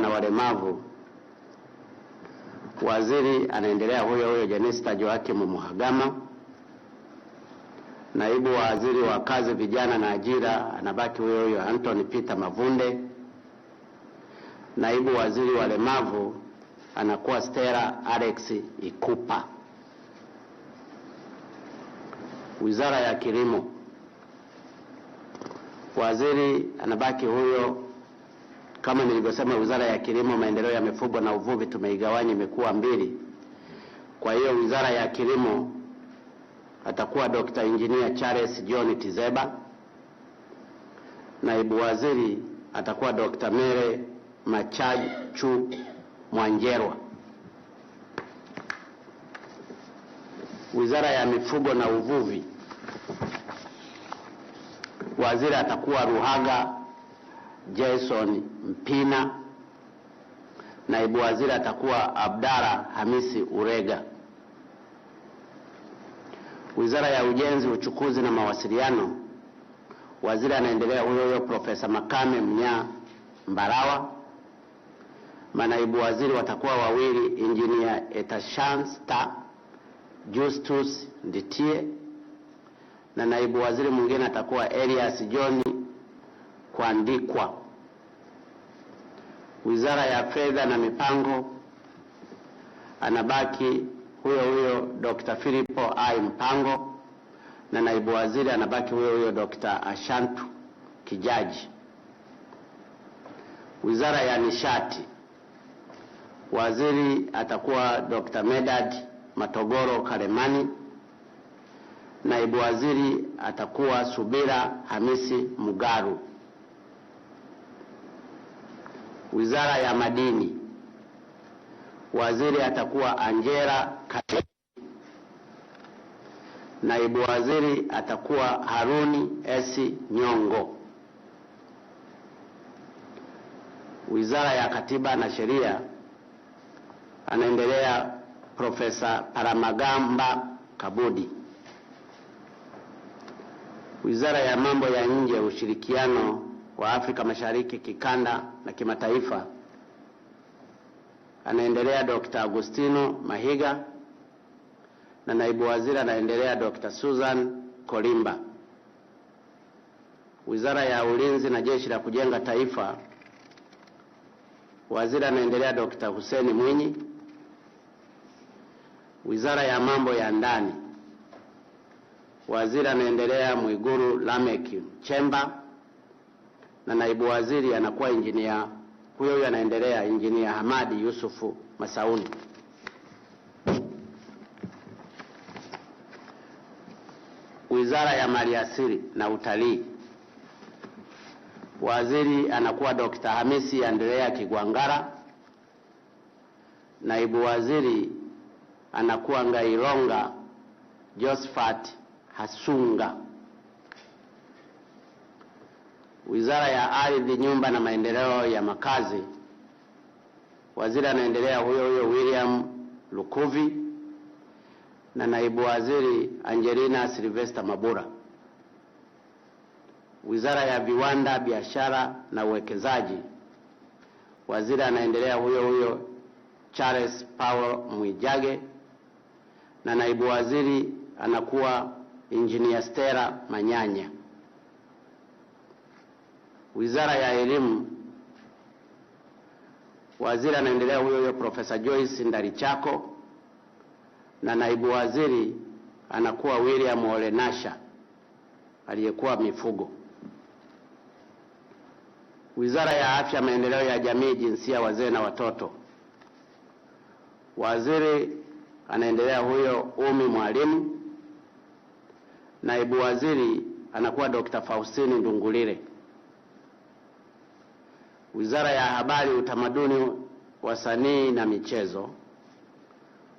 na walemavu. Waziri anaendelea huyo huyo Jenista Joakim Mhagama. Naibu waziri wa kazi, vijana na ajira anabaki huyo huyo Anthony Peter Mavunde. Naibu waziri wa walemavu anakuwa Stella Alex Ikupa. Wizara ya Kilimo, waziri anabaki huyo kama nilivyosema, wizara ya kilimo, maendeleo ya mifugo na uvuvi tumeigawanya, imekuwa mbili. Kwa hiyo wizara ya kilimo atakuwa Dr. Engineer Charles John Tizeba, naibu waziri atakuwa Dr. Mere Machachu Mwanjerwa. Wizara ya mifugo na uvuvi, waziri atakuwa Ruhaga Jason Mpina. Naibu waziri atakuwa Abdara Hamisi Urega. Wizara ya Ujenzi, Uchukuzi na Mawasiliano, waziri anaendelea huyo huyo Profesa Makame Mnyaa Mbarawa. Manaibu waziri watakuwa wawili, Injinia etashansta Justus Nditie na naibu waziri mwingine atakuwa Elias johni kuandikwa. Wizara ya Fedha na Mipango anabaki huyo huyo Dr. Philipo I Mpango na naibu waziri anabaki huyo huyo Dr. Ashantu Kijaji. Wizara ya Nishati waziri atakuwa Dr. Medad Matogoro Karemani, naibu waziri atakuwa Subira Hamisi Mugaru. Wizara ya Madini, waziri atakuwa Angela Katende, naibu waziri atakuwa Haruni S. Nyongo. Wizara ya Katiba na Sheria anaendelea Profesa Paramagamba Kabudi. Wizara ya Mambo ya Nje, Ushirikiano wa Afrika Mashariki kikanda na kimataifa, anaendelea Dr. Agustino Mahiga na naibu waziri anaendelea Dr. Susan Kolimba. Wizara ya Ulinzi na Jeshi la Kujenga Taifa, waziri anaendelea Dr. Hussein Mwinyi. Wizara ya Mambo ya Ndani, waziri anaendelea Mwigulu Lameck Nchemba na naibu waziri anakuwa injinia huyo huyo anaendelea, injinia Hamadi Yusufu Masauni. Wizara ya Maliasili na Utalii, waziri anakuwa Dr. Hamisi Andrea Kigwangara, naibu waziri anakuwa Ngailonga Josephat Hasunga. Wizara ya Ardhi, Nyumba na Maendeleo ya Makazi, waziri anaendelea huyo huyo William Lukuvi na naibu waziri Angelina Sylvester Mabura. Wizara ya Viwanda, Biashara na Uwekezaji, waziri anaendelea huyo huyo Charles Powell Mwijage na naibu waziri anakuwa Engineer Stella Manyanya. Wizara ya Elimu, waziri anaendelea huyo huyo Profesa Joyce Ndalichako, na naibu waziri anakuwa William Olenasha aliyekuwa mifugo. Wizara ya Afya, Maendeleo ya Jamii, Jinsia, Wazee na Watoto, waziri anaendelea huyo Umi Mwalimu, naibu waziri anakuwa Dr. Faustini Ndungulile. Wizara ya Habari, Utamaduni, Wasanii na Michezo,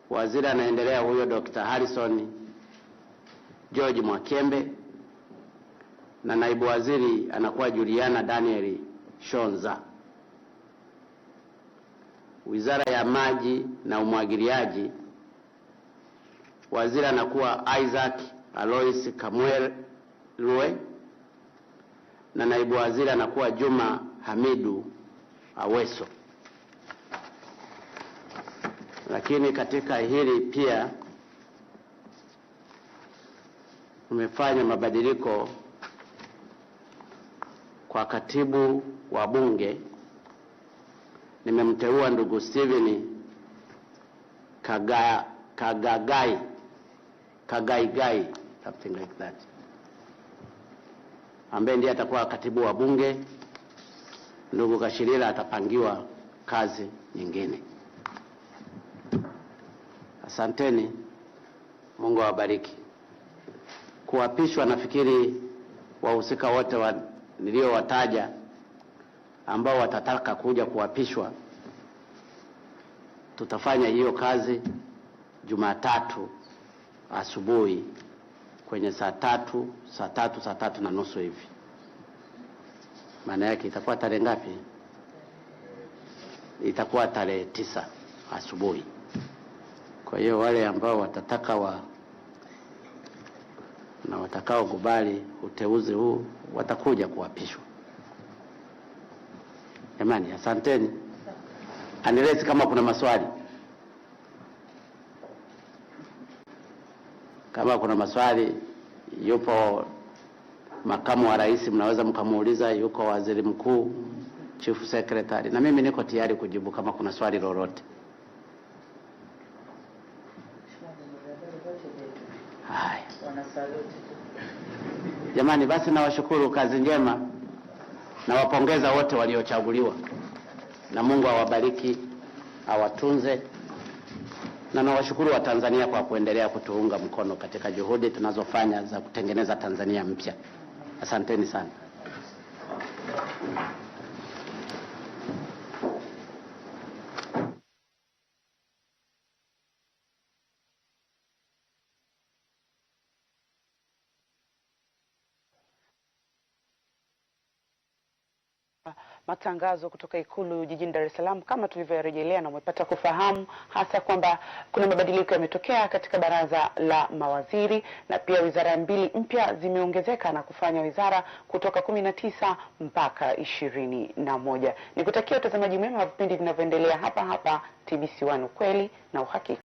waziri anaendelea huyo Dr. Harrison George Mwakembe, na naibu waziri anakuwa Juliana Daniel Shonza. Wizara ya Maji na Umwagiliaji, waziri anakuwa Isaac Alois Kamwelwe na naibu waziri anakuwa Juma Hamidu Aweso. Lakini katika hili pia tumefanya mabadiliko kwa katibu wa Bunge, nimemteua ndugu Steven Kaga, Kagagai Kagaigai something like that ambaye ndiye atakuwa katibu wa Bunge. Ndugu Kashirira atapangiwa kazi nyingine. Asanteni, Mungu awabariki. Kuapishwa, nafikiri wahusika wote wa niliowataja ambao watataka kuja kuapishwa, tutafanya hiyo kazi Jumatatu asubuhi kwenye saa tatu saa tatu saa tatu na nusu hivi. Maana yake itakuwa tarehe ngapi? Itakuwa tarehe tisa asubuhi. Kwa hiyo wale ambao watataka wa na watakao kubali uteuzi huu watakuja kuapishwa. Jamani, asanteni. Aniresi kama kuna maswali. Kama kuna maswali, yupo makamu wa rais, mnaweza mkamuuliza, yuko waziri mkuu, chief secretary, na mimi niko tayari kujibu kama kuna swali lolote. Haya jamani, basi nawashukuru, kazi njema, nawapongeza wote waliochaguliwa, na Mungu awabariki awatunze na nawashukuru Watanzania kwa kuendelea kutuunga mkono katika juhudi tunazofanya za kutengeneza Tanzania mpya. Asanteni sana. matangazo kutoka Ikulu jijini Dar es Salaam kama tulivyorejelea, na umepata kufahamu hasa kwamba kuna mabadiliko yametokea katika baraza la mawaziri na pia wizara mbili mpya zimeongezeka na kufanya wizara kutoka kumi na tisa mpaka ishirini na moja. Nikutakia utazamaji mwema wa vipindi vinavyoendelea hapa hapa TBC1 ukweli na uhakika.